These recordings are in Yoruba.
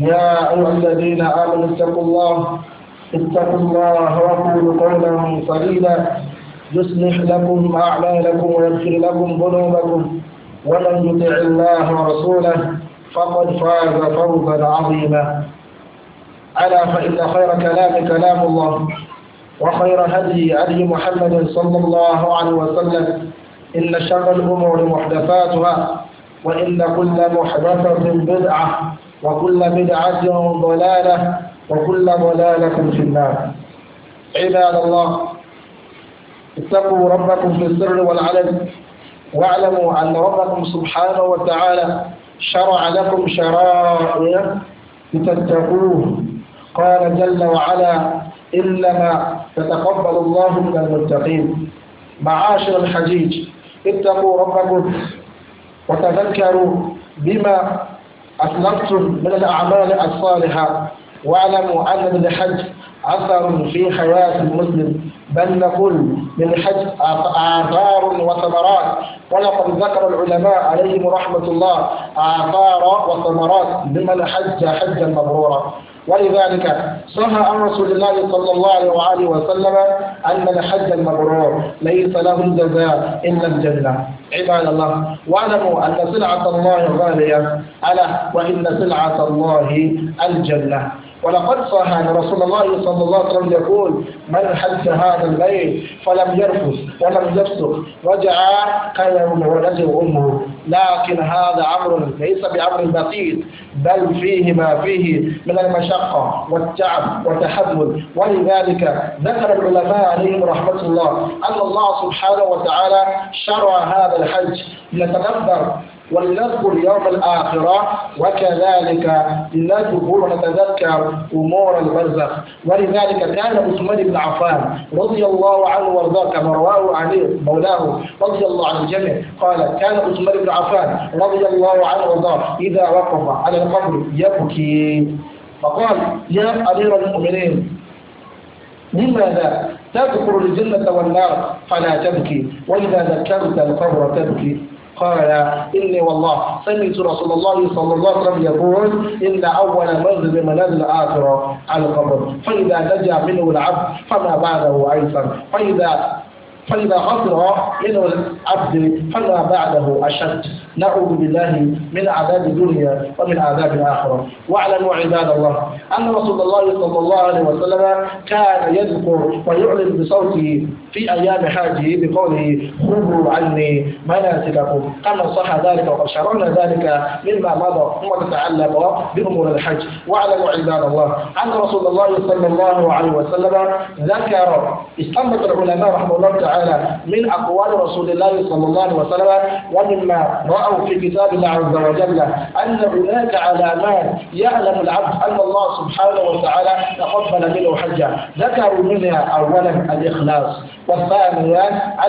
يا أيها الذين آمنوا اتقوا الله اتقوا الله وقولوا قولا سديدا يصلح لكم أعمالكم ويغفر لكم ذنوبكم ومن يطع الله ورسوله فقد فاز فوزا عظيما ألا فإن خير كلام كلام الله وخير هدي هدي محمد صلى الله عليه وسلم إن شر الأمور محدثاتها وإن كل محدثة بدعة وكل بدعة ضلالة وكل ضلالة في النار عباد الله اتقوا ربكم في السر والعلن واعلموا أن ربكم سبحانه وتعالى شرع لكم شرائع لتتقوه قال جل وعلا إنما تتقبل الله من المتقين معاشر الحجيج اتقوا ربكم وتذكروا بما أطلقتم من الأعمال الصالحة واعلموا أن للحج أثر في حياة المسلم بل نقول للحج آثار وثمرات ولقد ذكر العلماء عليهم رحمة الله آثار وثمرات لمن حج حجا مبرورا ولذلك صح عن رسول الله صلى الله عليه وسلم أن الحج المبرور ليس له جزاء إلا الجنة عباد الله واعلموا أن سلعة الله غالية ألا وإن سلعة الله الجنة ولقد صح أن رسول الله صلى الله عليه وسلم يقول من حج هذا البيت فلم يرفث ولم يفسق رجع كيوم ولد أمه لكن هذا أمر ليس بأمر بسيط بل فيه ما فيه من المشقة والتعب والتحمل ولذلك ذكر العلماء عليهم رحمة الله أن الله سبحانه وتعالى شرع هذا الحج ليتدبر ولنذكر يوم الآخرة وكذلك لنذكر ونتذكر أمور البرزخ ولذلك كان عثمان بن عفان رضي الله عنه وارضاه كما رواه عليه مولاه رضي الله عن الجميع قال كان عثمان بن عفان رضي الله عنه وارضاه إذا وقف على القبر يبكي فقال يا أمير المؤمنين لماذا تذكر الجنة والنار فلا تبكي وإذا ذكرت القبر تبكي قال إني والله سمعت رسول الله صلى الله عليه وسلم يقول إن أول منزل منازل الآخرة على القبر فإذا نجا منه العبد فما بعده أيسر فإذا فإذا خسر منه العبد فما بعده أشد نعوذ بالله من عذاب الدنيا ومن عذاب الآخرة واعلموا عباد الله أن رسول الله صلى الله عليه وسلم كان يذكر ويعلن بصوته في أيام حاجه بقوله خذوا عني مناسككم كما صح ذلك وقد شرعنا ذلك مما مضى ثم تتعلق بأمور الحج واعلموا عباد الله أن رسول الله صلى الله عليه وسلم ذكر استنبط العلماء رحمه الله تعالى من أقوال رسول الله صلى الله عليه وسلم ومما رأى أو في كتاب الله عز وجل أن هناك علامات يعلم العبد أن الله سبحانه وتعالى تقبل منه حجه ذكروا منها أولا الإخلاص والثانية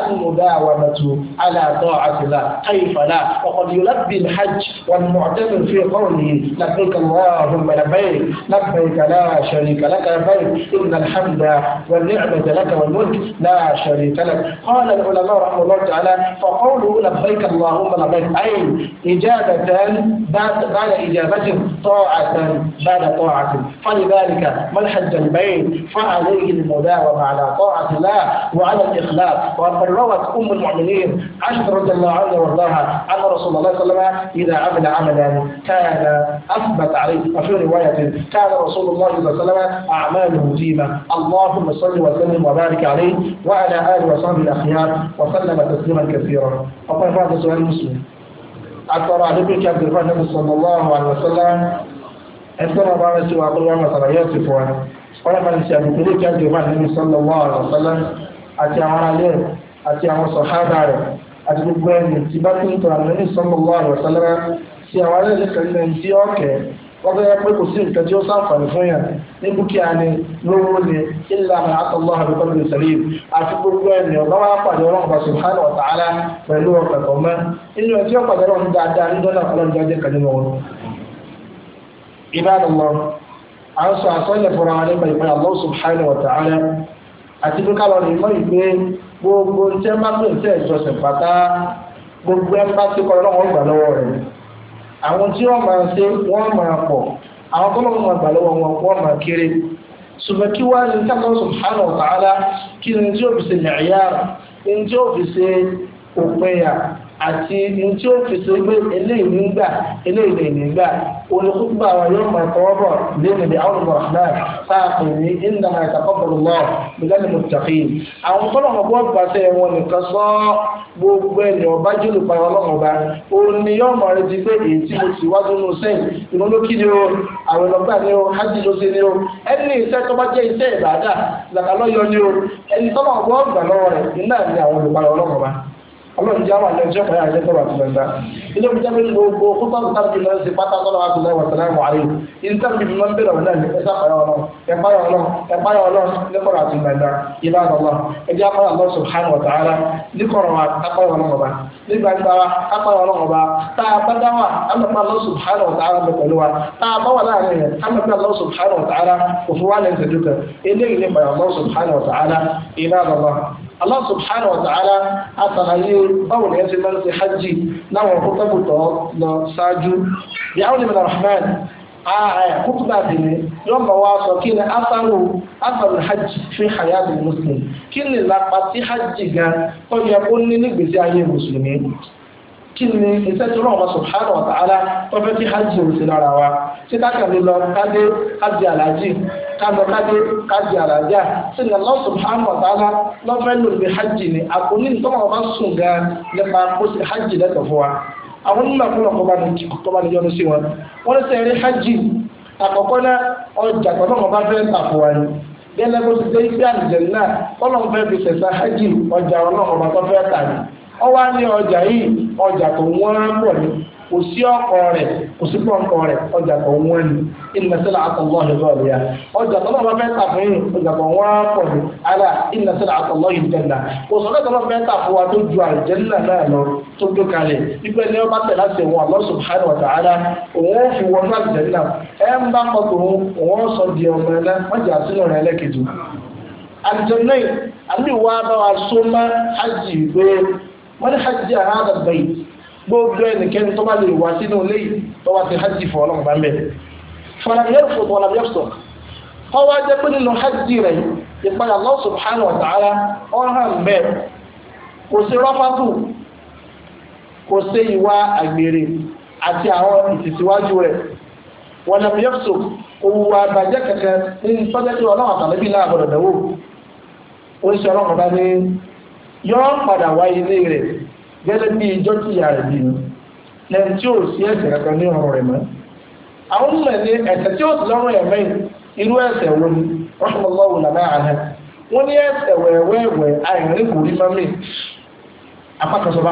المداومة على طاعة الله كيف لا وقد يلبي الحج والمعتمر في قوله لبيك اللهم لبيك لبيك لا شريك لك لبيك إن الحمد والنعمة لك والملك لا شريك لك قال العلماء رحمه الله تعالى فقوله لبيك اللهم لبيك أي الداعين إجابة بعد بعد إجابته طاعة بعد طاعة فلذلك من حج فعليه المداومة على طاعة الله وعلى الإخلاص وقد روت أم المؤمنين عائشة رضي الله عنها وارضاها أن رسول الله صلى الله عليه وسلم إذا عمل عملا كان أثبت عليه وفي رواية كان رسول الله صلى الله عليه وسلم أعماله مجيبة اللهم صل وسلم وبارك عليه وعلى آله وصحبه الأخيار وسلم تسليما كثيرا. أقول هذا سؤال مسلم. atọrọ àdúgbò kí a gbèrè fún àdúgbò sallallahu alaihi wasallam ẹsẹ wọn bá rẹ sí wa pé wọn mọ̀sára yóò ti fọ ẹ wọn bá rẹ sí àdúgbò kí a gbèrè fún àdúgbò sallallahu alaihi wasallam àti àwọn alẹ́ rẹ àti àwọn sọ̀hádà rẹ àti gbogbo ẹni tí bá tún tọ̀ àdúgbò sallallahu alaihi wasallam sí àwọn alẹ́ rẹ kẹ́lẹ́ ní tí ọ̀kẹ́ wọ́n fẹ́ pé kò sí nǹkan tí ó sáfàní fún yàn ní dúkìá ni lówó ni ilà àtàlọ́ àbíkọ́lù ìsàlẹ̀ àti gbogbo ẹni ọ̀gá wa pàdé ọlọ́run bá subhanahu wa ta'ala pẹ̀lú ọ̀pẹ̀ kọ̀mọ́ inú ẹ̀ tí ó pàdé ọlọ́run dáadáa ní dọ́là ọlọ́run jáde kan nínú lọ à ń sọ fúnra wa nípa àlọ́ ta'ala àti bí káwọn ní mọ́ ìgbé gbogbo gbé ìjọsìn àwọn tí wọ́n máa ṣe wọ́n máa pọ̀ àwọn tó lọ́wọ́ máa gbà lọ́wọ́ wọn wọ́n máa kéré ṣùgbọ́n kí wá ní sábà subhanahu wa kí ni tí ó fi ṣe nàìyára ní tí ó fi ṣe òpinya àti ohun tí ó fi so pé eléyìí ní gbà eléyìí lè ní gbà olùkókòbá wa yóò máa tọwọ́ bọ̀ lẹ́nu ní àwọn ọmọ ọ̀hún náà sáàpù ní ìlànà ìtàkọ́bọ̀lù náà nígbàdí mo tàkì. àwọn kọ́lọ́mọ̀ bọ́ pàṣẹ wọn nìkan sọ gbogbo ẹni ọba jùlọ pa ọlọ́mọ ọba òun ni yóò máa retí pé èyí tí mo sì wá tó sẹ́yìn ìwọ́n ló ni o àwọn ọlọ́gbà ni o hajj ló ṣe ni o ẹni iṣẹ́ tó bá jẹ́ iṣẹ́ ìbàdà làkàlọ́ yọ ni o ẹni tọ́lọ́mọ̀ bọ́ gbà lọ́wọ́ rẹ̀ ọlọ́run jẹ́ àwọn àjọṣe ọ̀pọ̀ àjẹ́ tọ́lọ̀ àti gbẹ̀gbẹ̀. ilé omi jẹ́bi gbogbo kópa tó tàbí lọ sí pátá tọ́lọ̀ àti lọ́wọ́ tẹ̀lé àwọn àrí ìdíjà mi mọ́ ń bèrè ọ̀nà ẹ̀sà pàyà ọlọ́run ẹ̀páyà ọlọ́run ẹ̀páyà ọlọ́run lẹ́kọ̀ọ́ ọlọ́run subhanahu wa ta'ala níkọ̀rọ̀ wa apáyà ọlọ́run ọba nígbà gbà wa apáyà ọlọ́run ọba tá a bá dá ọlọ́run subhanahu wa ta'ala bẹ̀ pẹ̀lú wa tá a bá ọlọ́run subhanahu wa ta'ala kò fún wa lẹ́sẹ̀ dúkẹ́ eléyìí ọlọ́run subhanahu wa ta'ala ìlà àlọ́lá Allah subhanahu wa ta'ala asàlàyé báwo ni ẹ ti máa ń ṣe hajj láwọn kótópùtọ̀ lọ ṣáájú bí àwọn ìmọ̀ rahman kúkúbà bìnrin yóò máa wá sọ kí ni asaru asaru hajj fi hayati muslim kí ni lápá tí hajj gan ó yẹ kó ní nígbèsí ayé mùsùlùmí kí ni iṣẹ́ tí subhanahu wa ta'ala tó fẹ́ kí hajj ò sí lára wa ṣé káàkiri lọ káde hajj alájì kálọ kájé kájé àràjá sí ni Allah subhanahu wa ta'ala lọ́fẹ́ lò ní hajj ni àkóní nítorí wọn bá sùn gan nípa kó sì hajj lẹ́tọ̀ fún wa àwọn onímọ̀ fúnlọ̀ kọ́ bá ní kọ́ bá ní yọnu sí wọn wọ́n ní sẹ́yìn rí hajj àkọ́kọ́ náà ọjà pẹ̀lú wọn bá fẹ́ tà fún wa ni gẹ́lẹ́ bó ti dé ibi àlùjànnà ọlọ́run fẹ́ fi ṣẹ̀ṣà hajj ọjà ọlọ́run ọba tó fẹ́ tà ni ọwọ́ á ní ọjà yìí ọjà tó wọ́n á pọ̀ ni kò sí ọkọ rẹ̀ kò sí pọ̀nkọ rẹ̀ ọjà kan wọ́n ni inna sil'ata ọjà tó náà bá tà fún yìí ọjà ala inna sil'ata Allahi al-janna tó náà fẹ́ tà fún wa tó ju náà lọ tó subhanahu wa ta'ala òun fi wọn náà ń bá òun gbogbo ẹnikẹ́ni tó bá lè wá sínú ilé yìí tó wá ti hajj fún ọlọ́run bá ń bẹ̀. fọlàmìyàn fòtò ọ̀làmìyàn sọ̀ ọ wá pé nínú hajj rẹ̀ ìpayà Allah subhanahu wa ta'ala ọ hàn kò sí rọ́fàtù kò sí ìwà àgbèrè àti àwọn ìtìsíwájú rẹ̀ wọ̀làmìyàn sọ̀ òwò àbàjẹ́ kẹ̀kẹ́ ní sọ́jẹ́ tí ọlọ́run àtàlẹ́bí láàbọ̀dọ̀ ó ń ṣe ọlọ́run bá ní yọ́ padà wá ilé rẹ̀ gẹ́gẹ́ bí ijọ́ tí ìyá rẹ̀ bínú lẹ́yìn tí ó sí ẹ̀ṣẹ̀ kankan ní ọ̀rọ̀ rẹ̀ mọ́. àwọn mọ̀ ní ẹ̀ṣẹ̀ tí ó sì lọ́rùn ẹ̀ irú ẹ̀ṣẹ̀ wo ni rọ́ṣọlọ́wọ́ làbá àná wọ́n ní ẹ̀ṣẹ̀ wẹ̀wẹ̀wẹ̀ àìrìn kò rí mọ́mì apákasọba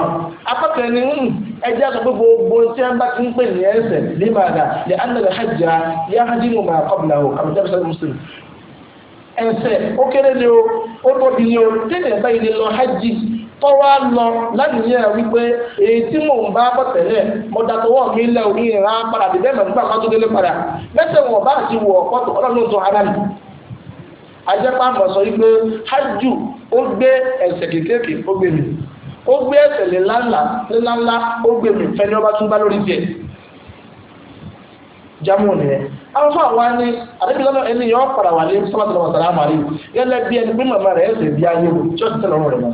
apákan ni hmm, ẹjẹ àtọ pé gbogbo tí a bá ti mu máa o àbújá bí mùsùlùmí ó kéré ni o ó tóbi ni o tí ènìyàn tọ́wọ́ lọ láti yẹ wípé èyí tí mò ń bá bọ̀ tẹ́lẹ̀ mo dàtọwọ́ mi lẹ òní ìran padà dìbẹ́ mẹ́rin nígbà kan tó délé padà mẹ́sẹ̀ wọn bá ti wọ̀ ọ̀pọ̀tọ̀ ọlọ́run tó ara mi. ajẹ́pá mọ̀ sọ wípé hajj ó gbé ẹ̀sẹ̀ kékèké ó gbé mi ó gbé ẹ̀sẹ̀ léláńlá léláńlá ó gbé mi fẹ́ni ọba tún bá lórí tiẹ̀ jamu nìyẹn àwọn fún àwa ni àdébílọ́nà ẹni yọ ọ́ padà wà ní sọ́mọ́tò lọ́wọ́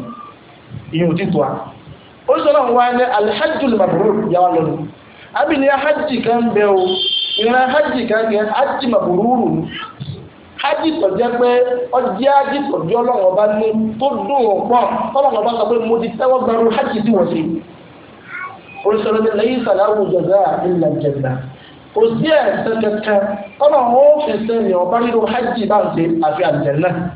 ìyẹn ò títọ́ a ó sọ náà wá ní alhajjul mabrur yàwá lọ́nu àbí ní hajji kan bẹ́ o ìran hajji kan yẹn hajji mabruru ni hajji tó jẹ́ pé ọjẹ́ hajji tó jẹ́ ọlọ́run ọba ní tó dùn ọ̀pọ̀ ọlọ́run ọba sọ pé mo ti tẹ́wọ́ gbẹrú hajji tí wọ́n ṣe olùsọ̀rọ̀ ní lẹ́yìn ìsàlẹ̀ àwùjọ kò sí ẹ̀sẹ̀ kẹkẹ ọlọ́run ó fi sẹ́yìn ọba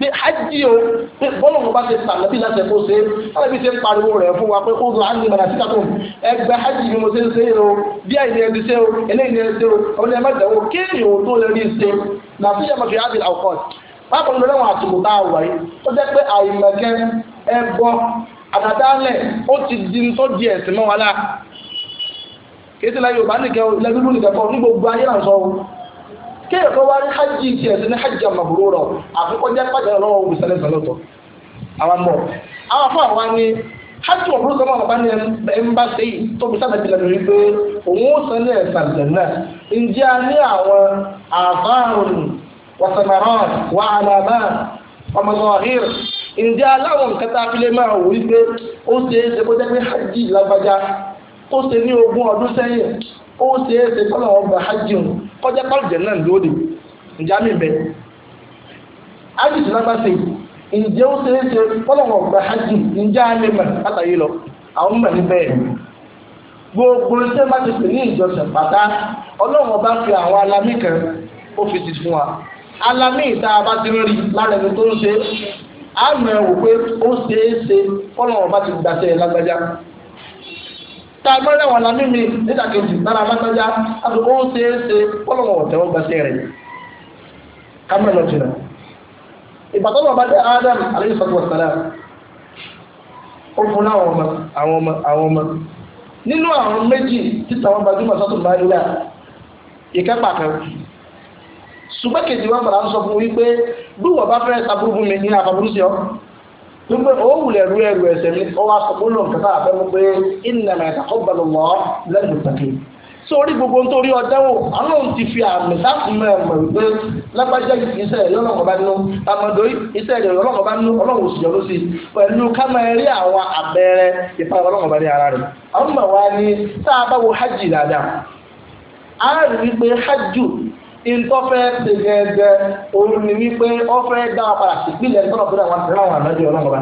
pé hajj o pé bọ́lọ̀mù bá ṣe sàlẹ́bí láti ẹ̀kọ́ ṣe alábi ṣe ń pariwo rẹ̀ fún wa pé ó lọ àǹdí mọ̀nà síkà tó ẹgbẹ́ hajj ni mo ṣe ń ṣe o bí àìní ẹni ṣe o eléyìí ni ẹni ṣe o ọmọdé ẹ má dẹ̀wò kéèyàn ò tó lè rí ṣe nàfi yẹ mọ̀fì àdìl àwòkọ́ pápá ló lẹ́wọ̀n àtùkù tá a wà yìí ó jẹ́ pé àìmọ̀kẹ́ ẹbọ àdàdálẹ̀ ó ti di tó di ẹ̀sìn mọ́ wa lá kí kéèyàn kan wá ní hajj tiẹ̀ sí ní hajj mabrura àfikọ́jà pàjáwìrì ọlọ́wọ́ wù sẹ́lẹ̀ sẹ́lẹ̀ tọ̀ àwọn mọ̀ àwọn afọ àwọn ni hajj mabrura sọ́mọ́ bàbá ní ẹ̀ńbà sẹ́yìn tó fi sábà tilẹ̀ lórí pé òun ó sọ ní ẹ̀sà lẹ́nà ǹjẹ́ a ní àwọn àbáhùn wàsàmàrán wà àlàmà ọmọlọ́hìr ǹjẹ́ aláwọ̀ nǹkan tá a fi lè máa wò wípé ó ṣe é ṣe kó jẹ́ pé hajj lágbájá ó ṣe ní ogún ọdún sẹ́yìn ó ṣe é ṣe kọ́nà kọjá pàlù jẹ náà lóde ǹjẹ́ àmì bẹ ájì tí lágbá sí ǹjẹ́ ó ṣe é ṣe fọlọ́wọ́ ọ̀gbà ájì ǹjẹ́ àmì mọ̀ látàyè lọ àwọn mọ̀ níbẹ̀ gbogbo iṣẹ́ má ti pè ní ìjọsìn pàtá ọlọ́run ọba fi àwọn alamí kan ó fi ti fún wa alamí ìta bá ti rí lára ẹni tó ń ṣe àmọ̀ ẹ̀wò pé ó ṣe é ṣe fọlọ́wọ́ ọba ti gbàṣẹ́ lágbájá tá a gbọ́ lẹ́wọ̀n la mímí níta kejì lára alágbájá àti ó ṣe é ṣe kọ́lọ́mọ̀ ọ̀tẹ̀ wọ́n gbàṣẹ́ rẹ̀ kámẹ́rà lọ jìnnà ìbátan bàbá dé Adam alayhi sọ́kù wàsálà ó fún àwọn ọmọ àwọn ọmọ àwọn ọmọ nínú àwọn méjì títà wọn gbajúmọ̀ sọ́tù báyìí ìkẹ́pà kan ṣùgbọ́n kejì wọn fara ń sọ fún wípé bí wọ́n bá fẹ́ sábúrú fún mi ní àfàbúrú sí ọ tumbe o wulẹ̀ ru ẹrù ẹsẹ̀ mi ọ wa sọ fún lọ́nkẹ́ tá a fẹ́ mú pé innama yataqabbalu Allah lal muttaqin sórí gbogbo nítorí ọ̀dẹ́wò àwọn ohun ti fi àmì sáfùmọ̀ ẹ̀mọ̀ wípé lágbájá iṣẹ́ ẹ̀yọ́ ọlọ́kọ̀ bá nínú àmọ́dọ́ iṣẹ́ ẹ̀yọ́ ọlọ́kọ̀ bá nínú ọlọ́run òsì yọ̀ lọ́sí pẹ̀lú kámẹ́rì àwọn abẹ́rẹ́ ìfà ọlọ́kọ̀ bá ní ara rẹ̀ àwọn mọ̀ wá tá a bá wo hajj dáadáa a rí wípé hajj ìtọ́fẹ́ ṣe gẹ́gẹ́ òun ni wípé ofe dá padà sípìlẹ̀ tọ́lọ̀ tó àti ráwọn ọlọ́mọba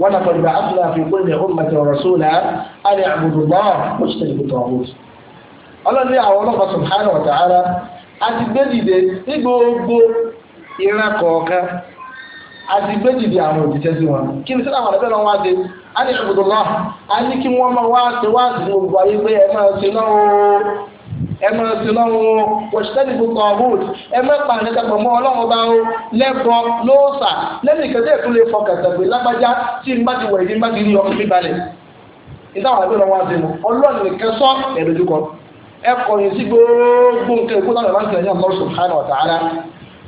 wọn pẹ̀lú àfikún mẹ́tẹ̀ ọ̀rọ̀ àbùdù náà ó tẹ̀lé tó ọ̀hún. ọlọ́ni àwọn a ti ní gbogbo ìran kọ̀ọ̀kan a ti àwọn òjíṣẹ́ sí wọn kí àwọn wá a dị. ẹ máa fi lọ́wọ́ wọ̀ṣítẹ́lì gbogbo ọ̀hún ẹ máa pa àrẹ dàgbọ̀ mọ́ ọlọ́run bá ó lẹ́bọ lóòsà lẹ́yìn kẹtẹ́ ètò lè fọ kẹtẹ̀gbé lágbájá tí n bá ti wẹ̀ ní n bá ti rí ọkùnrin mi balẹ̀ ìdáhùn àgbẹ̀ lọ́wọ́ àti mu ọlọ́run nìkan sọ ẹ̀dọ́júkọ ẹ kọ̀yìn sí gbogbo nǹkan ìkú láwọn ìrántí ẹ̀yìn Allah subhanahu wa ta'ala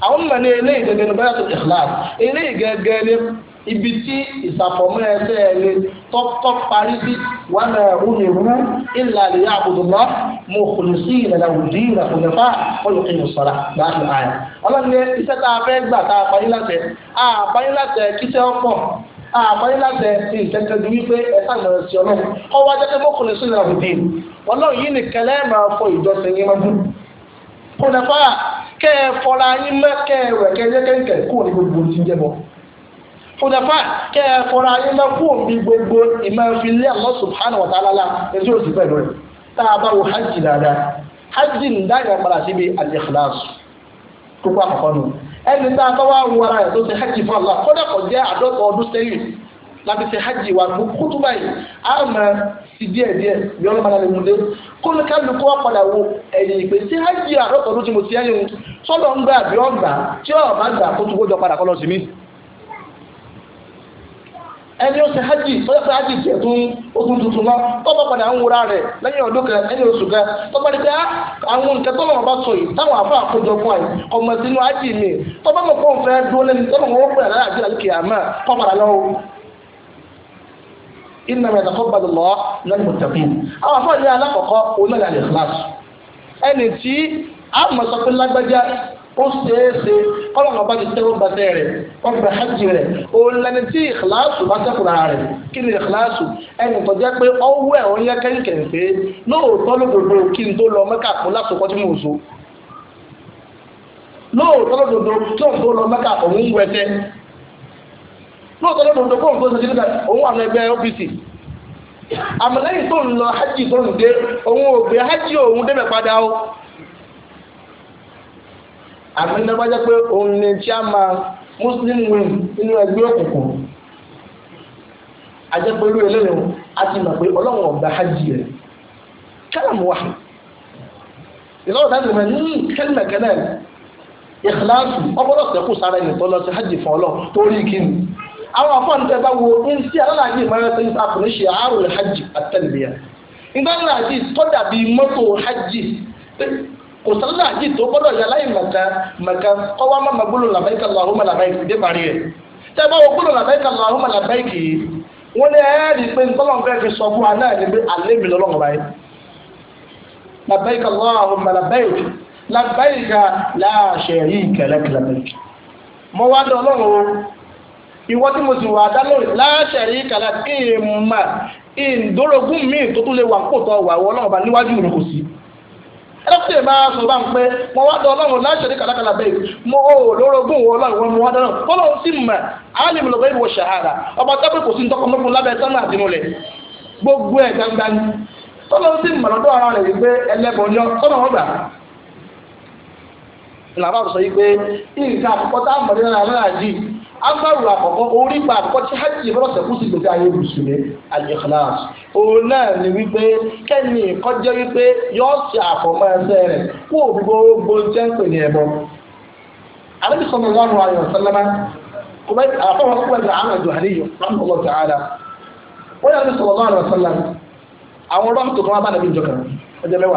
àwọn mọ̀ ní eléyìí gẹ́gẹ́ ní báyà tó ìkhlás eléyìí gẹ́gẹ́ ní ibi tí ìsàfọ̀mọ́ ẹsẹ̀ ẹ̀lẹ́ tọ́tọ́ parí sí wọn náà rúni rú ìlà àlèyé àbùdùnmọ́ mo kò ní sí ìrẹ̀lẹ̀ òdì ìrẹ̀kùnlẹ̀fà olùkọ́ ìmùsọ̀rà láti àyà. ọlọ́run ní iṣẹ́ tá a fẹ́ gbà tá a parí látẹ̀ a parí látẹ̀ kíṣẹ́ ọ̀pọ̀ a parí látẹ̀ ní ìtẹ́tẹ́jú wípé ẹ̀sà ìmọ̀ràn sí ọlọ́run kọ́ wájá pé mo kò ní sí ìrẹ̀lẹ̀ òdì ọlọ́run yìí nìkan fúnẹ̀fà kẹ́ ẹ fọ́ra ayé lẹ́kùn bí gbogbo ìmọ̀-ìfilẹ̀ Allah subhanahu wa ta'ala ẹjọ́ òsì pẹ̀lú ẹ̀ tá a bá wo hajj dáadáa hajj ń dá ìwà padà síbi al-ikhlas kókó àkọ́kọ́ nù ẹni tá a tọ́wọ́ àwọn ọdụ ẹ̀ tó ṣe hajj fún ọdún láti ṣe hajj wa kútu báyìí a dé kó ẹni ó ṣe hajj sọ́jà pé hajj jẹ́ tún ogun tuntun náà tọ́ba padà ń wura rẹ̀ lẹ́yìn ọdún kan ẹni oṣù kan tọ́ba ah, ní àwọn nǹkan tọ́ba wọn bá sọ yìí táwọn afọ àkójọ fún àyè ọmọ hajj mi dúró wọn pè gbàdúrà àwọn afọ alákọ̀ọ́kọ́ onílẹ̀ ó ṣeéṣe kọ́lọ́mù ọba ti tẹ́wọ́ gbàtẹ́ rẹ̀ wọ́n fi hajj rẹ̀ òun lẹni tí ìkìláàsù bá sẹ́kùnra rẹ̀ kí ni ìkìláàsù ẹnì tó jẹ́ pé ọwọ́ ẹ̀ òun yẹ kẹ́kẹ́ pé lóòótọ́ lódodo kí n tó lọ mẹ́kà fún lásìkò tí mo so lóòótọ́ lódodo kí n tó lọ mẹ́kà fún òun wẹ̀tẹ́ lóòótọ́ lódodo kó n tó ṣe nígbà òun wà ní ẹgbẹ́ OPC àmọ́ lẹ́yìn tó ń lọ hajj tó ń àbí ní wọ́n jẹ́ pé òun ni chairman muslim wing nínú ẹgbẹ́ òkùnkùn ajẹ́pẹ̀lú eléyìí a ti mọ̀ pé ọlọ́run ọ̀gbà hajj rẹ̀ kálàmù wà ìlọ́wọ́ táwọn ìmọ̀ ní kẹ́lìmẹ̀ kẹ́lẹ̀ ìkìláàsù ọgbọ́dọ̀ sẹ́kù sára ẹni tó lọ sí hajj fún ọlọ́ torí kí ni àwọn afọ́n tẹ bá wo ń sí alálàájì ìmọ̀ràn tó ń sàkó ní ṣe àárò hajj àtẹ̀lẹ́yà ìgbà ńlá àti tọ́jà bíi mọ́tò hajj kò sọ́dọ̀ àjì tó gbọ́dọ̀ yà láì màkà màkà kọ́wá má ma gbóló làbáyìkà làhùmà làbáyìkì dé parí rẹ̀ tẹ́ bá wọ gbóló làbáyìkà làhùmà làbáyìkì wọ́n ní ẹ́ẹ̀rì pé ntọ́lọ́n fẹ́ fi sọ fún wa náà ní pé alẹ́ mi lọ́lọ́run báyìí làbáyìkà làhùmà làbáyìkì làbáyìkà láàṣẹ yìí kẹlẹ́kẹ làbáyìkì mọ wá dán ọlọ́run o ìwọ tí mo sì wà dá lórí láàṣẹ yìí kẹlẹ́kẹ ìmọ̀ ìdórogún míì tó tún lè wà kó tọ́ wà wọ́ ọlọ́run bá níwájú rẹ̀ kò sí. ẹlẹ́kùtì máa sọ bá ń pẹ́ mo wá dán ọlọ́run láṣẹ ní lọrọ bẹ́ẹ̀ mo ò lórogún wọ ọlọ́run wọn mo wá dán náà ọlọ́run shahara mọ̀ áàlì mi lọ́gbẹ́ ìwọ ṣàhàrà ọba tábìlì kò sí ní lábẹ́ sánà àti gbogbo ẹ̀ gbangban ọlọ́run sì mọ̀ lọ́dọ̀ ara rẹ̀ wípé ẹlẹ́bọ̀ ni ọ̀sán gbà agbáru àkọ́kọ́ orí pa àkọ́kọ́ tí hajj ìfọlọ́sẹ̀ kú sí gbèsè ayé mùsùlùmí al-ikhlas òun náà ni wípé kẹ́ni kọjá wípé yọ ṣe àfọ̀mọ́ ẹsẹ̀ rẹ̀ kó gbogbo jẹ́ ń pè ní ẹ̀bọ. àlejò sọ̀rọ̀ wọn wà yọ̀ sẹ́lẹ̀mẹ́ àfọwọ́ kú ẹ̀sẹ̀ àwọn ẹ̀dùn àríyọ̀ rahmatullahi ta'ala wọ́n yà àlejò sọ̀rọ̀ wọn sẹ́lẹm àwọn ọlọ́run tó kọ́ wá bá nàbí ìjọ kan ọjọ́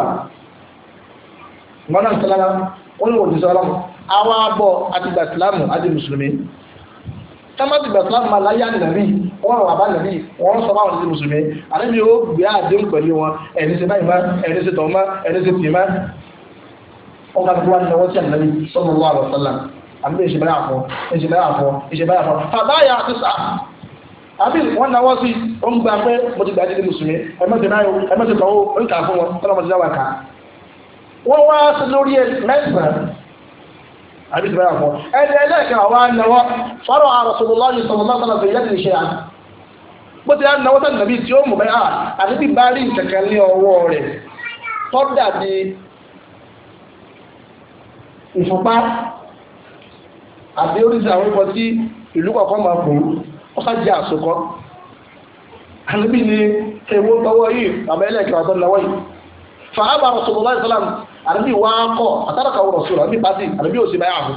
tọ́mọ́tì bẹ̀sán malaya nàbí wọ́n rọ̀ bàbá nàbí wọ́n sọ báwọn ṣe mùsùlùmí àdébí ó gbé àdéhùn pẹ̀lú wọn ẹni ṣe báyìí má ẹni ṣe tọ̀ má ẹni ṣe tì má. wọ́n ká gbogbo àdínlẹ̀ wọ́n ti àdínlẹ̀ sọ́mọ́ wà lọ sọ́là àbí èṣe báyà fọ́ èṣe báyà fọ́ èṣe báyà fọ́ fàbáyà àti sà àbí wọn náwó sí ó ń gba pé mo ti gbàdé mùsùlùmí ẹ àbí ti báyà fọ ẹni ẹlẹ́ẹ̀kan àwa náwó fọ́rọ̀ àròsọ̀lọ́lá yìí sọ̀rọ̀ náà sọ̀rọ̀ fẹ̀yẹ́ ti ṣe à bó ti náwó sẹ́ni nàbí tí ó mú bẹ́ẹ̀ àti bí bá rí kankan ní ọwọ́ rẹ̀ tọ́dà di ìfúnpá àbí oríṣi àwọn ikọ̀ tí ìlú kọ̀ọ̀kan máa kú ọ̀ká jẹ́ àsokọ́ àníbí ni ewu tọwọ́ yìí àbẹ́lẹ̀ kí wàá tọ́ náwó yìí fàábà rọ̀sọ̀lọ́lá ìsọ̀lá àdàbí wà á kọ àtàràkà wọrọ sọ̀rọ̀ àdàbí pàṣẹ àdàbí òsì báyà fún.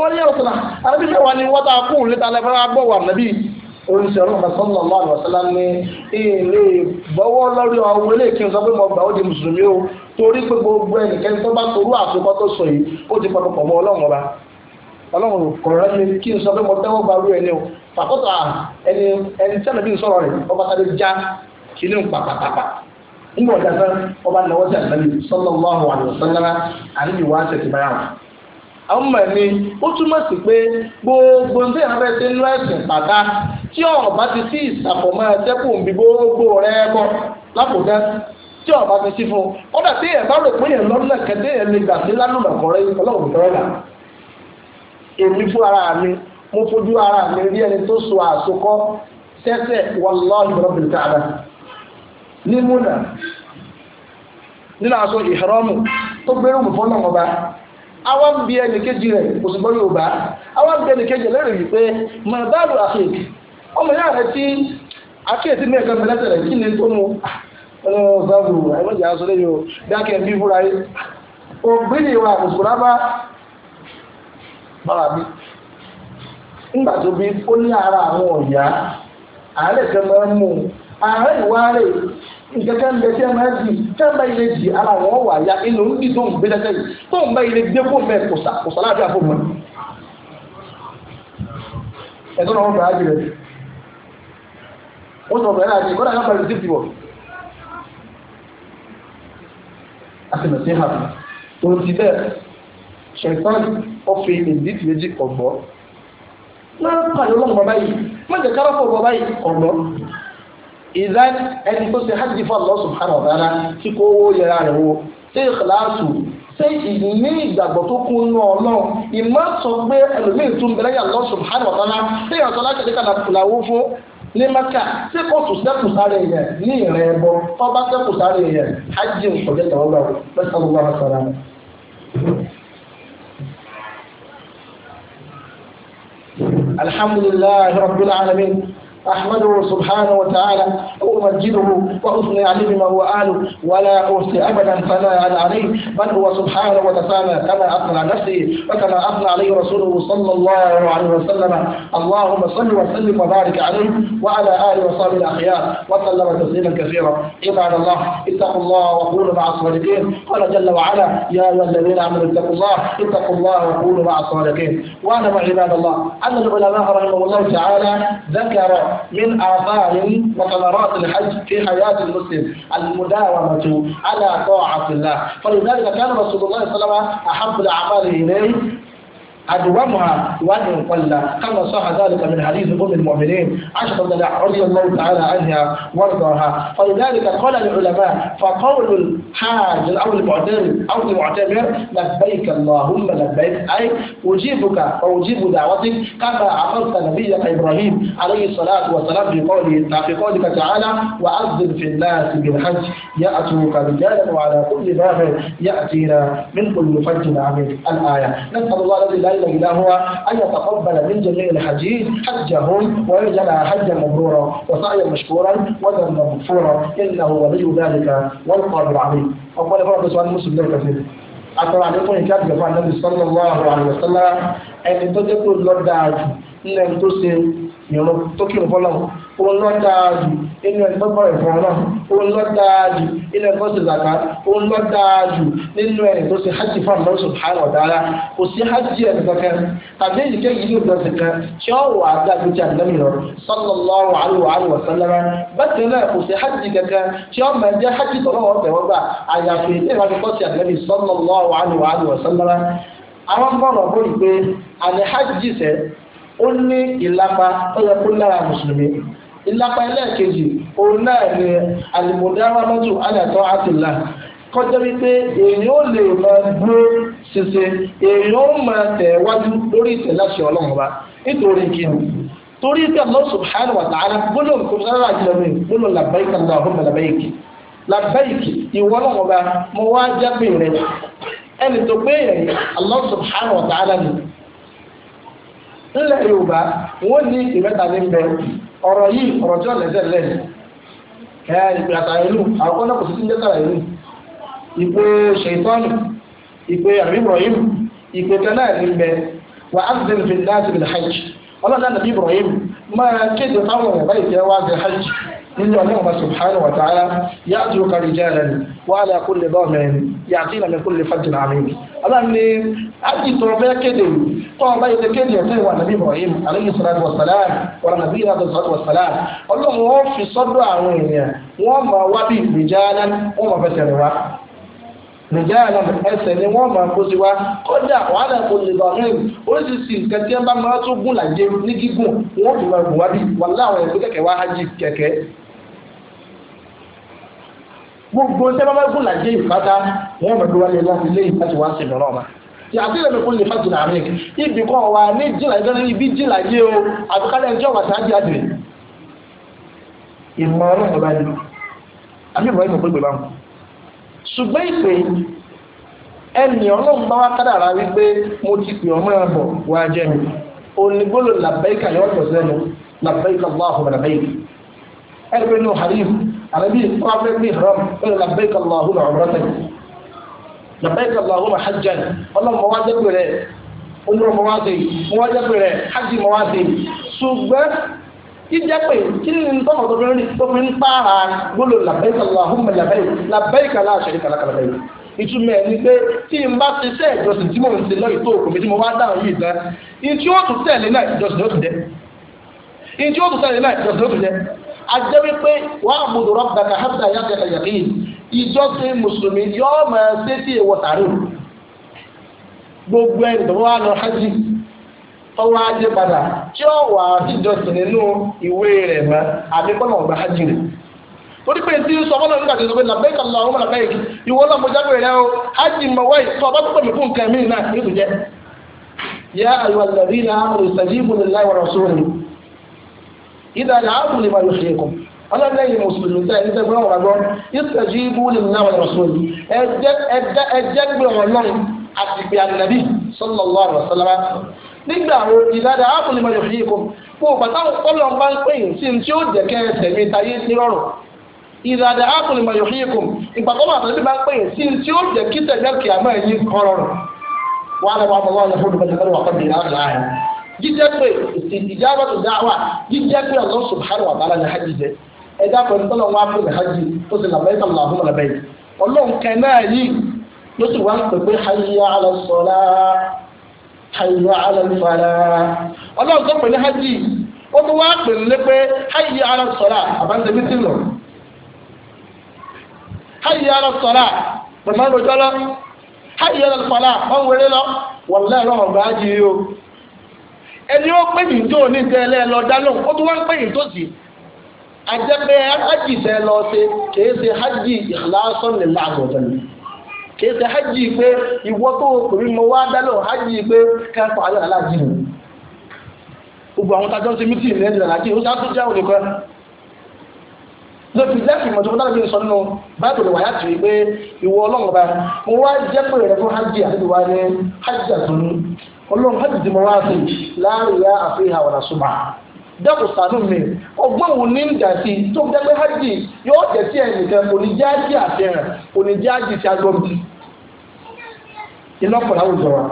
wọ́n yẹ ọ̀sán àdàbí mẹ́wàá ni wọ́n ta kún létà lẹ́fẹ̀rẹ́ agbọ̀wọ̀ àdàbí oríṣi ọlọ́run bá sọ́nà ọmọ àlọ́ sọ́lá ní ilé bọ́wọ́ lórí ọwọ́ ilé kí n sọ pé mo gbà ó di mùsùlùmí o torí pé gbogbo ẹnìkan tó bá torú nígbà ọ̀dà tán ọba lọ́wọ́ sí àtàlẹ́ sallallahu alaihi wasallam àníbi wá tẹ̀sí báyà wọn. àwọn ọmọ mi ó túmọ̀ sí pé gbogbo ní ìyá fẹ́ ń lọ ẹ̀sìn pàtà tí ọba ti sí bí gbogbo rẹ̀ bọ̀ tí ọba ti sí ọ dà sí ẹ̀bá pé yẹn lọ́nà yẹn lè gbà sí lánàá kọ́rẹ́ ọlọ́run èmi fún ara mi ní múnà nínú aṣọ ìhẹ́rọ́mù tó gbérù mú fọ́nà ọba àwọn bí ẹnì kejì rẹ̀ kò sì gbọ́ Yorùbá àwọn bí ẹnì kejì lẹ́rìí wípé mọ̀ báàlù ọmọ yára rẹ̀ tí akéèsí mẹ́ẹ̀kan mẹ́lẹ́sẹ̀ kí ni tó mu ọlọ́run báàlù o dákẹ́ bi ààrẹ ìwárẹ̀ ala ńlẹ̀ tí ẹ máa di tí ẹ bá ilé di ara wọn ya inú ń tó ń gbé dẹ́sẹ̀ yìí tó ń bá ilé dé fún mẹ́ kò sálá àbí àfọ̀ mọ́ ẹ̀tọ́ náà wọ́n bẹ̀rẹ̀ àjẹrẹ wọ́n sọ̀rọ̀ bẹ̀rẹ̀ àjẹrẹ kọ́dà káfà rìsíìtì wọ̀ àtẹnusẹ́ hà tó ti bẹ́ẹ̀ ọ̀fẹ́ náà pàdé ọlọ́run bàbá yìí ìdán ẹni tó ṣe hajj fún Allah subhanahu wa ta'ala kí kó owó yẹra rẹ̀ wo ṣé ìkìláàsù ṣé ìní ìgbàgbọ́ tó kún inú ọlọ́run ìmọ̀ sọ pé ẹlòmíì tún bẹ̀rẹ̀ yà Allah subhanahu wa ta'ala ṣé ìyàtọ̀ láti ẹ̀ka làwó fún ní maka ṣé kóòtù sẹ́kù sáré yẹn ní ìrìn ẹ̀bọ tọ́ba sẹ́kù sáré yẹn hajj ìṣọ̀lẹ̀ tọ́wọ́gbà mẹ́sàn-án ló alhamdulilayi rabbil alamin. أحمده سبحانه وتعالى وأمجده وأثني عليه بما هو آله ولا أوصي أبدا ثناء عليه بل هو سبحانه وتعالى كما أثنى على نفسه وكما أثنى عليه رسوله صلى الله عليه وسلم اللهم صل وسلم وبارك عليه وعلى آله وصحبه الأخيار وسلم تسليما كثيرا عباد الله اتقوا الله وقولوا مع الصادقين قال جل وعلا يا أيها الذين آمنوا اتقوا الله اتقوا الله وقولوا مع الصادقين وأنا عباد الله أن العلماء رحمه الله تعالى ذكر من آثار وثمرات الحج في حياة المسلم المداومة على طاعة الله فلذلك كان رسول الله صلى الله عليه وسلم أحب الأعمال إليه أدومها وأن يقل كما صح ذلك من حديث أم المؤمنين عشر بن رضي الله تعالى عنها وارضاها فلذلك قال العلماء فقول الحاج أو المعتمر أو المعتمر لبيك اللهم لبيك أي أجيبك وأجيب دعوتك كما أمرت نبيك إبراهيم عليه الصلاة والسلام في قوله في قولك تعالى وأذن في الناس بالحج يأتوك رجالا وعلى كل باب يأتينا من كل فج عميق الآية نسأل الله الذي لا جل هو أن يتقبل من جميع الحجيج حجهم ويجعل حجا مبرورا وسعيا مشكورا وذنبا مغفورا إنه ولي ذلك والقادر عليه أقول فرد سؤال مسلم لك كثير àtàrà àdékùn ìkí àgbẹ̀fọ́ ànábì sallallahu alaihi wasallam ẹni tó jẹ́ kó lọ́ọ́ tó ṣe ìrún tó kírun fọ́lọ́run olọ́dáàdù inú ẹ̀kọ́ bọ̀rẹ̀ fún ọ náà olọ́dáàdù inú ẹ̀kọ́ sì zàkà olọ́dáàdù nínú ẹ̀ tó ṣe hajj fún ọmọ subhanahu wa ta'ala kò sí hajj ẹ̀ kankan tàbí ìdíkẹ́ yìí ló gbọ́sẹ̀ kan tí ó wà á dájú tí a nàmi lọ sallallahu alaihi wa sallam bẹ́ẹ̀ náà kò sí hajj kankan tí ó máa jẹ́ hajj tọ́lọ́wọ́ tẹ̀wọ́ gbà àyàfi ìdí ìlápa ẹlẹ́ẹ̀kejì òun náà ni àlùmọ̀dáramọ́tò àlàtọ́ àtìlá kọjá wípé èèyàn ò lè máa gbó ṣinṣin èèyàn ò máa tẹ̀ wájú lórí ìtẹ̀láṣẹ ọlọ́run ọba nítorí kí torí pé Allah subhanahu wa ta'ala gbólóhùn tó sára àjẹmọ́ gbólóhùn labbaik Allahumma labbaik labbaik ìwọ náà ọba mo wá jápé rẹ ẹni tó gbé yẹn Allah subhanahu wa ta'ala ni ńlẹ̀ Yorùbá wọ́n ní ìrẹ́ta ní bẹ́ẹ̀ ọ̀rọ̀ yìí ọ̀rọ̀ tí wọ́n lẹ́sẹ̀ lẹ́nu ẹ̀ ìpè àtàyẹ̀lú àwọn náà kò sí síndé sàràyẹ̀lú ìpè ṣètọ́nù ìpè àbíbrọ̀yìn ìpè tẹ́lá ẹ̀ ń bẹ wà á ti hajj ọlọ́dà nàbí Ibrahim máa kéde fáwọn ọ̀rẹ́ báyìí tẹ́ wá hajj nílé ọlọ́run bá subhanahu wa ta'ala yá àti òkà rí jẹ́rẹ̀ ni wà á lè kó lè bá ọmọ ẹni yà àti ìlànà kó lè fàjì náà mi. ọlọ́run ni a ti tọrọ bẹ́ẹ̀ kéde kọ́ ọba yìí ti kéde ẹ̀tọ́ ìwà nàbí ibrahim aleyhi salatu wa salam wa nàbí ibrahim salatu wa salam ọlọ́run wọ́n fi sọ́dọ̀ àwọn èèyàn wọ́n máa wá bí ìgbìjáná wọ́n máa fẹsẹ̀ rẹ̀ nìjáàlá ẹsẹ̀ ni wọ́n máa kó sí wa kódà wàhálà kò lè bàrún oríṣiríṣi nǹkan tí wọ́n bá máa tún gùn làjẹ ní gígùn wọ́n fi máa gùn wá bí wàhálà àwọn ẹ̀kọ́ kẹ̀kẹ́ wá hajj kẹ̀kẹ́ gbogbo ń tẹ́lá mẹ́kún làjẹ́ ìfata wọ́n mọ̀ bí wọ́n lè láti lé ìfàtí wá sí ìrọ̀rọ̀ ọ̀ma yàtí lè mẹ́kún lè fàtí nà mí ibi kan wà ní jìlá ìdáná ibi jìlá yé o àbíkálẹ̀ ẹjọ́ wà sáájú àdìrẹ́ ìmọ̀ ọlọ́run ọba ni àbí ìmọ̀ ìmọ̀ pépè báwọn. ṣùgbọ́n ìpè ẹnì ọlọ́run bá wá kádàrá wípé mo ti pè ọmọ ẹ̀ bọ̀ wá jẹ́ mi onígbóló làbẹ́ìkà ni wọ́n tọ̀ sẹ́nu làbẹ́ìkà lọ́wọ́ àfọ̀mọ̀ làbẹ́ìkà ẹgbẹ́ inú hàríhù àbẹ́bí pàfẹ́ bí haram ọ̀nà labbaik Allahumma umratan labbaik Allahumma hajjan ọlọ́mọ wá jẹ́ pẹ̀lẹ́ umrah mọ́ wá sí mọ́ wá jẹ́ pẹ̀lẹ́ hajj mọ́ wá sí ṣùgbọ́n jíjẹ́ pé kí ni tọ́mọ̀ tó fi ń tó fi ń pààrà gbólò labbaik Allahumma labbaik labbaik la sharika laka labbaik ìtumọ̀ ẹni pé tí n bá ti sẹ́ ìjọsìn tí mò ń ṣe lọ ìtò òkò mi tí mo wá dáhùn yìí tán ìtí ó tún tẹ̀lé náà ìjọsìn ó tún jẹ́ ìtí ó tún tẹ̀lé náà ìjọsìn ó tún jẹ́ ajẹ́ wípé wà á mú rọ́ bàtà hàtà yàtọ̀ ẹ̀yàkì ìjọsìn mùsùlùmí yóò máa ṣe sí ìwọ tààrí o gbogbo ẹni tó wà lọ hajj tọwọ́ ajé padà tí ó wà síjọsìn nínú ìwé rẹ̀ mọ́ àbí kọ́nà ọ̀gbà hajj rẹ̀ torí pé tí sọ fọlọ́ nígbà tí sọ pé làbẹ́ẹ̀kì Allahumma làbẹ́ẹ̀kì ìwọ náà mo jágbe rẹ o hajj mọ̀ wáyé tó o bá tó pèmí fún nǹkan mí náà ní ìtújẹ́ yá àyọ̀ àlẹ́ rí náà ìdájọ́ ààbò lè máa lọ ṣe kàn ọlọ́dẹ̀yìn mùsùlùmí tẹ́ ẹni tẹ́gbẹ́ wọn gbọ́ ìtẹ̀jú ibú lè ní àwọn ìrọ̀sọ̀lù ẹjẹ́ gbé ọlọ́run àti ìgbé ànàbí sọlọ́lọ́ àrọ̀sọ́lámá nígbà wo ìdájọ́ ààbò lè máa lọ ṣe kàn fún bàtà ọlọ́run bá ń pè yín sí tí ó jẹ́ kẹ́ ẹsẹ̀ mi tayé nírọ̀rùn ìdájọ́ ààbò lè máa lọ ṣe kàn ìgbàgbọ́ màtàlẹ́bí bá ń pè yín sí tí ó jẹ́ kí tẹ̀lé kìámẹ́ yín kọ́ rọrùn wàhálà wàhálà wàhálà fún jíjẹ́ pé ìtìjáwọ́ tó dá wà jíjẹ́ pé Allah subhanahu wa ta'ala ní hajj jẹ́ ẹ̀dá pẹ̀lú tọ́lọ̀ wá fún ní hajj tó sì labbayka Allahumma labbayk ọlọ́run kẹ náà yìí ló sì wá ń pè pé hayya ala salah hayya ala falah ọlọ́run tó pè ní hajj ó tún wá pè ní pé hayya ala salah àbáńdé bí tìlọ hayya ala salah pẹ̀lú ọjọ́ lọ hayya ala falah wọ́n wẹ̀rẹ̀ lọ wọ́n lẹ́ẹ̀rọ̀ ọ̀gá ẹni ó pè yín tó ní tẹ́lẹ̀ lọ dá lóhùn ó tún wá ń pè yín tó sì ajẹ́pẹ́ hajj sẹ́ lọ ṣe kìí ṣe hajj ikhlasan lillahi azza kìí ṣe hajj pé ìwọ tó pèrè mo wá dá lóhùn hajj pé kẹ́ńtọ́ alẹ́ aláàjì mi gbogbo àwọn ṣe mítì ní ẹ̀dínlẹ̀ aláàjì ó sáà tó jẹ́ òní kan lẹ́sìn fún báyìí wáyà tìrì pé ìwọ ọlọ́run bá mo wá ọlọ́run hajj tí mo wá sí láàrin ya àfihàn wàlá na dẹ́kun sànú mi ọgbọ́n wo ní ń dà sí tó ń dẹ́gbẹ́ hajj yóò jẹ́ sí àfihàn tí a gbọ́ bí iná pọ̀lá àwùjọ wa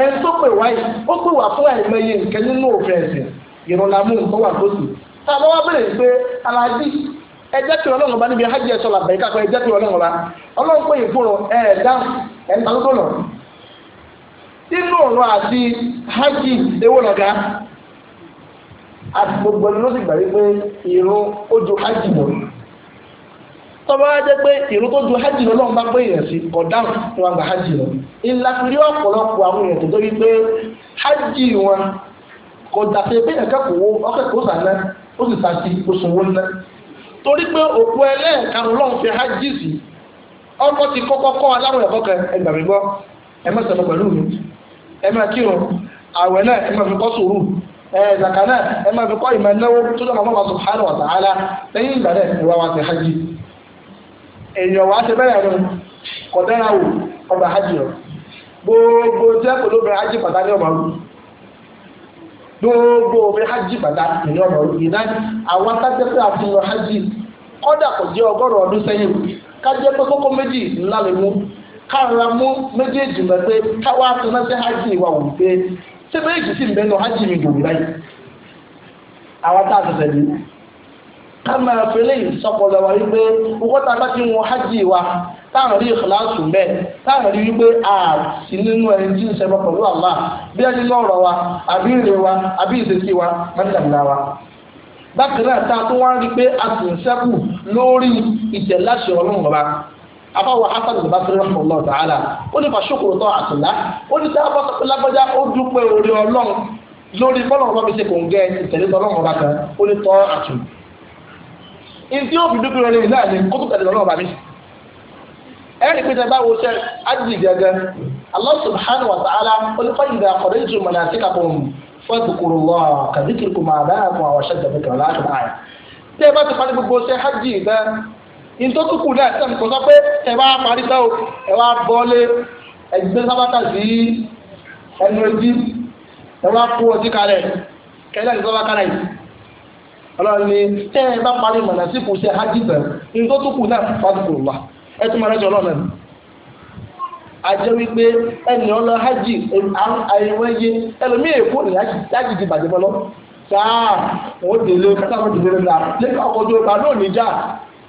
ẹni tó pè wáyé ó pè wá fún àìmọye nǹkan nínú òfin ẹ̀sìn ìrọ̀lámú nǹkan wà wá bèrè pé aláàjì ọlọ́run bá níbi hajj ọlọ́run bá ọlọ́run pé ìfúnra nínú ọ̀rọ̀ àti hajj ewó lọ́gá àti gbogbo ẹni ló sì gbà wípé ìrun ó ju hajj lọ tọ́ba wá jẹ́ pé tó ju hajj lọ lọ́nà bá pé èèyàn sí ọ̀daràn wọn àgbà hajj lọ ìlà rí ọ̀pọ̀lọpọ̀ àwọn èèyàn tó tó wípé hajj wọn kò pé ẹ̀ka kò wó ó sì oṣù wọn torí pé òkú ẹlẹ́ẹ̀karùn lọ́n fi hajj ẹ máa kírun àwẹ̀ náà ẹ máa kọ kọ́ sùúrù zaka náà ẹ fi kọ́ ìmọ̀ náwó tó dọ̀ mọ́ lẹ́yìn ìgbà ìwà ti hajj èèyàn bẹ́ẹ̀ wò gbogbo jẹ́ pẹ̀lú obìnrin hajj bada ní rú gbogbo obìnrin hajj àwọn hajj kọ́dà kò jẹ́ ọgọ́rùn-ún ọdún sẹ́yìn kókó méjì káwọn mú méjèèjì mọ̀ pé káwá tó náà sí hajj wa wò pé ṣé méjèèjì sì ń bẹ́ẹ̀ náà hajj mi gbòòrò láyé àwọn tá a sọ̀sẹ̀ ní. kámẹ́ fẹlẹ́ ìsọpọlọ wa wípé owó tá a bá ti ń wọ hajj wa táwọn rí ìkọláṣù mẹ́ táwọn rí wípé a nínú ẹni tí ń ṣẹbọ pẹ̀lú Allah bí ẹni lọ́rọ̀ wa àbí ìrè wa àbí ìṣesí wa mẹ́tàlá wa bákan náà tá a tún wá rí pé a sì ń ṣẹ́kù lórí ìtẹ̀láṣẹ ọlọ́run afáwọ̀ hasan al-basri rahmanullah ta'ala ó ní fàṣọkùrù tó àtúndá ó ní sábà sọpé lágbájá ó dúpẹ́ orí ọlọ́run lórí bọ́lọ̀run bá fi ṣe kò ń gẹ ìtẹ̀lé tọ́lọ́run ọba kan ó ní tọ́ àtún ìdí òbí dúpẹ́ orí náà ni kó tó tẹ̀lé tọ́lọ́run ọba mi ẹ̀rí pé tẹ́lá wo ṣe ájì Allah subhanahu wa ta'ala ó ní fàyìnbà àkọ́dé ìtù manasikakum fadhkurullah kadhikrikum àbáyàkùn àwọn ṣẹ́gbẹ̀ẹ́ kẹrìnlá àtúnáyà tẹ́ ìtòtúkù náà ṣe ń kó sọ pé ẹ wá parí sáà ẹ wá bọ́lé ẹgbẹ́ sábàtà sí ẹnu ẹbí ẹ wá kó ọtí kalẹ̀ kẹlẹ́ ní sábàtà kalẹ̀ yìí ọlọ́run ni tẹ́ ẹ bá parí mọ̀nà sí kò ṣe hajj bẹ̀rẹ̀ ìtòtúkù náà fàdúkù wà ẹ tún mọ̀nà jọ ọlọ́run náà àjẹ́ wípé ẹnì ọlọ́ hajj àìwẹ́yẹ ẹlòmíì èkó ní hajj ti bàjẹ́ bọ́lọ́ sáà wọ́n délé kátàkùn délé náà lẹ́kọ̀ọ́ ọkọ̀ ojú ọba náà níjà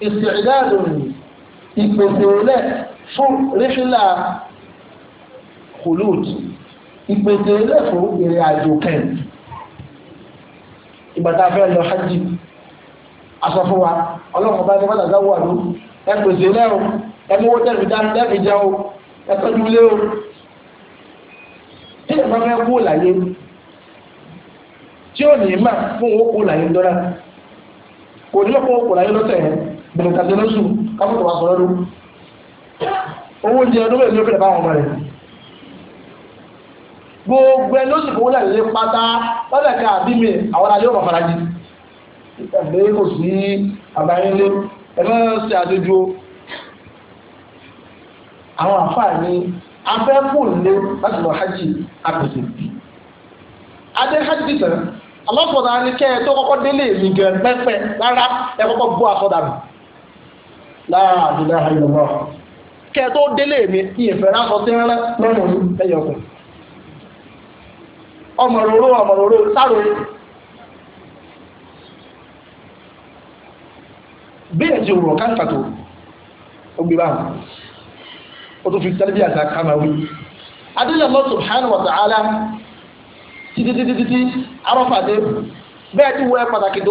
ìsìndáàdù ìpèsè rẹ̀ fún ríṣílà kòlóòtù ìpèsè rẹ̀ fún ìrìn àjò kẹ́ẹ̀ ìgbàta fẹ́ lọ hajj aṣọ fún wa ọlọ́run bá ní bàtà sáwọ́ àdó ẹ pèsè rẹ̀ o ẹ mú owó tẹ̀mí dání tẹ̀mí jẹ́ o ẹ tọ́jú o tí ìjọba fẹ́ kú láyé tí ò ní mà fún owó kú láyé dọ́là kò ní ọ̀pọ̀ kú láyé lọ́sẹ̀ yẹn bẹ̀rẹ̀ kàdé lóṣù kápọ̀tọ̀ wà sọ̀rọ̀ lọ́dún owó oúnjẹ ọdún mẹ́rin ló fẹ́rẹ̀ báwọn ọmọ rẹ̀ gbogbo ẹ lóṣù kówó láì lé pátá lọ́dà ká àbí mi àwọn alẹ́ òmà farajì ìtàgbé kò sí àbáyélé ẹ̀fẹ́ ṣe àdójú àwọn àfààní afẹ́kùnlé láti lọ hajj àpèsè adé hajj tán alọ́fọ̀dà ni kẹ́ ẹ tó kọ́kọ́ délé mi gan pẹ́pẹ́ rárá ẹ kọ́kọ́ bó afọ́dà mi. láàrín àdúrà ìlọ́wọ́ kẹ́ tó délé mi ìfẹ́ ránṣọ tí rán lọ́rùn ẹ̀yọkùn ọmọ òróró sáró bí ẹ̀jẹ̀ òwúrọ̀ ó tó fi subhanahu wa ta'ala títítítítí arọ́fàdé bẹ́ẹ̀ tí wọ́n ẹ pàtàkì tó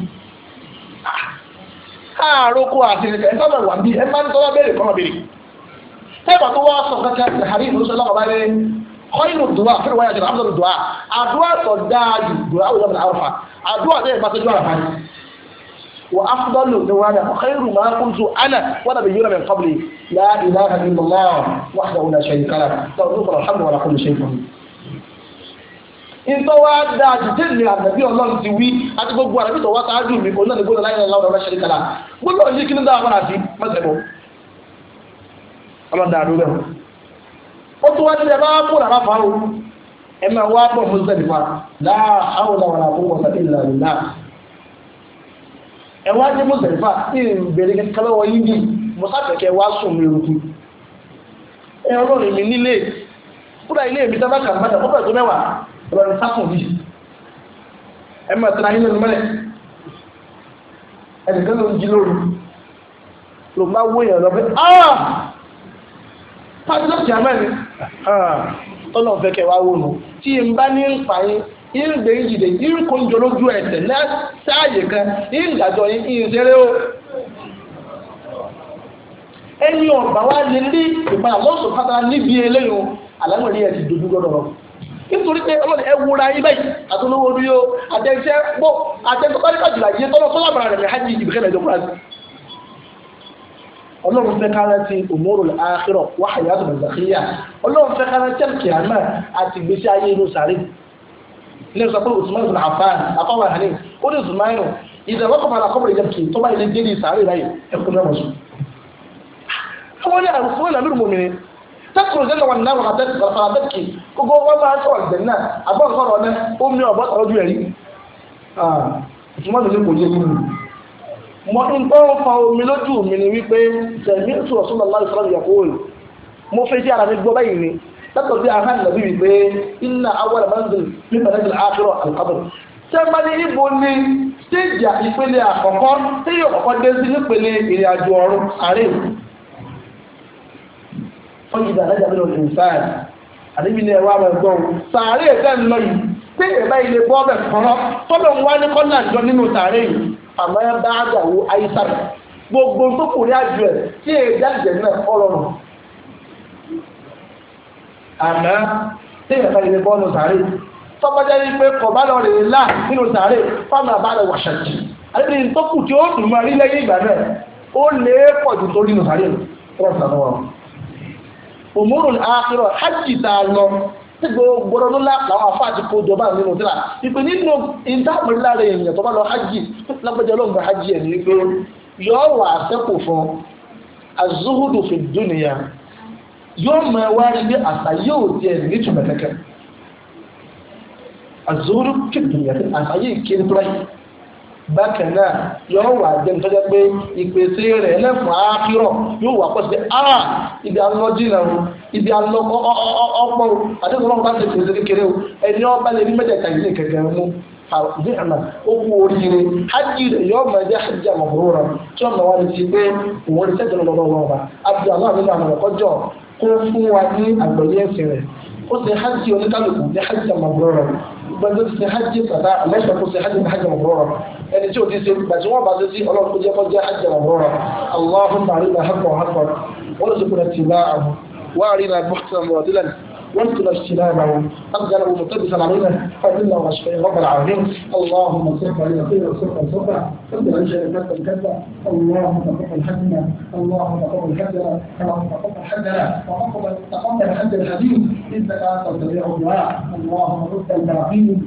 àròkọ àti ẹ̀ sábà wà bí ẹ máa ń tọ́lá béèrè kọ́nà béèrè tẹ́lẹ̀ tó wá sọ kankan ṣe àrí ìlú sọlá ọba rẹ kọ́yìnrún dùwà fún ìwáyà jẹ̀rọ àbúrò dùwà àdúrà tó dáa jù dùwà òyìnbó ní àwòfà àdúrà tó yẹ bá tọ́jú àràfà ni. wà á fún dọ́lù ní wàhálà kọ́yìnrún máa kún tó ànà wọ́n dàbí yóò rẹ̀ láàrín láàrín lọ́wọ́ nítorí wá da àtijọ́ ìlú àgbẹ̀bí ọlọ́run ti wí àti gbogbo àrẹ́bí tó wá sáájú mi òun náà gbọ́dọ̀ láyé láwọn ọ̀rẹ́ kala gbọ́dọ̀ yìí kí ló dáa wọn àti mọ́sẹ̀bọ̀ ọlọ́dà àdúgbò ó tún wá nílẹ̀ bá wá bọ̀ fún àwọn àbúrò ìbára sáfù bí ẹ máa tẹ̀lé ayé lẹ́nu mẹ́lẹ̀ ẹnìkan ló ń jí lóru ló bá wó èèyàn lọ pé ah pásítọ̀ jàmẹ́ ni ah! tọ́lọ̀ fẹ́ kẹwàá wò nù tí n bá ní ń fà yín yín gbé yín jìde ń jọ kan yín gbàjọ yín kí n ṣeré o ẹni ọ̀gbà wa lè rí ìpàdé lọ́sọ̀ọ́ pátá níbi eléyìí o ní ẹ̀ dojú gbọ́dọ̀ rọ̀ nítorí pé ọlọ́ni ẹ wúra yín báyìí àtúnlówó orí o àtẹ̀sẹ̀ bọ́ àtẹ̀sẹ̀ kọ́ríkà jùlọ àyè tọ́lọ́ tọ́lọ́ àbàrà rẹ̀ hajj ìbìkẹ́ lẹ́jọ́ fúra sí. ọlọ́run fẹ́ kára ti òmòrò àkírọ̀ wà hayatu mọ̀lẹ́kíyà ọlọ́run fẹ́ kára tẹ́lẹ̀ kìámà àti ìgbésí ayé inú sàrí. ilé sọ pé Usman bin Affan afọwọ́ àhánì ó ní Usman ìdàgbàkọ̀ tẹkùrù jẹ́ lọ́wọ́ nínú àwọn àbẹ́kì gbogbo wọn máa sọ ọ̀gbẹ́ náà àbọ̀nkọ́rọ̀ ọ̀nẹ́ omi ọ̀bọ̀ ọdún ẹ̀rí ìtumọ̀ lónìí kò yé mi mo ń tọ́ fa omi lójú mi ni wípé tẹ̀mí ètò ọ̀sùn lọ́la ìfọ́nà ìyàpọ̀ òòlù mo fẹ́ sí ara mi gbọ́ báyìí ni látọ̀ bí ahán nàbí wípé iná awọ́lẹ̀ máa ń dùn ní mẹ́lẹ́dì àkírọ̀ àlùkábọ̀ tẹ́gbà ní ibo ni stéèjì ìpele àkọ́kọ́ tí yóò kọ́kọ́ dé sí nípele ìrìn ọ̀run àárẹ̀ wọ́n yìí dàdájà nínú ìsáàdì àdébí ni ẹ̀wọ́ àwọn ẹ̀gbọ́n sàárè ẹ̀fẹ́ ń lọ yìí pé ẹ̀bá ilé bọ́ọ̀bẹ̀ kọ́rọ́ tọ́lọ̀ ń wá ní kọ́nà àjọ nínú sàárè yìí àmọ́ ẹ bá àgbàwò àyíṣà gbogbo tó kù ní àjọ ẹ̀ tí èyí jáde náà ọlọ́run àmọ́ tí ẹ̀bá ilé bọ́ọ̀lù sàárè tọ́kọ́jẹ́ ní pé kò bá lọ rè é là nínú sàárè fáwọn àbálẹ̀ wàṣàjì àdébí ni tó kù tí ó dùn mọ́ rí lẹ́yìn ìgbà náà ó lè pọ̀ ju tó nínú sàárè rọ̀ òmùrùn àkìrọ̀ hajj tá a lọ tí gbogbo ọdún láwọn afá àti kojọ bá nínú tíra ìpè nínú ìdáàmú lára èèyàn tó bá lọ hajj lágbàjọ ló ń gba hajj ẹ̀ ní pé yóò wà sẹ́kù fún azuhudu fi dúnìyà yóò mọ ẹwà rí bí àṣà yóò tiẹ̀ nítumẹ̀ kẹ́kẹ́ azuhudu fi dúnìyà àṣà yìí kí n tó ráyìí bákan náà yóò wà jẹ́ nítorí pé ìpèsè rẹ̀ lẹ́fọ̀n ákírọ̀ yóò wà pọ̀ sí ah, a ibi alọ́ jìnnà o ibi alọ́ ọ̀pọ̀ o àdéhùn ọlọ́run bá ti pèsè kékeré o ẹni ọba lè ní mẹ́tẹ̀ẹ̀ta ìdílé kẹ̀kẹ́ mú àdéhùn okú oríire hajj rẹ̀ yóò máa jẹ́ hajj àmọ̀bùrúra tí wọ́n máa wá ní ti pé òun lè tẹ̀sán lọ́wọ́ wọn ọba abdulhamid àwọn ọ̀kọ́jọ́ kó fún gbẹdọ ti hajj tata lẹsẹ kó ti hajj ní hajj mọ̀rọ̀rọ̀ ẹni tí o ti ṣe gbàtí wọn bá ṣe sí ọlọ́run kó jẹ́ kó jẹ́ hajj mọ̀rọ̀rọ̀ allahumma arina haqqan haqqan wọn lọ sí kúrẹ́ tì bá àwọn wọn arina bọ́ọ̀tì وانسل اجتنابه أبدله مقدسا علينا فإنه واشفيه رب العالمين اللهم صف علينا خير صفا صفا صدر عن شركات الكذا اللهم تقبل حدنا اللهم تقبل حدنا اللهم تقبل حدنا وتقبل تقبل حد الحديث إنك أنت السميع الدعاء اللهم رد المراقيم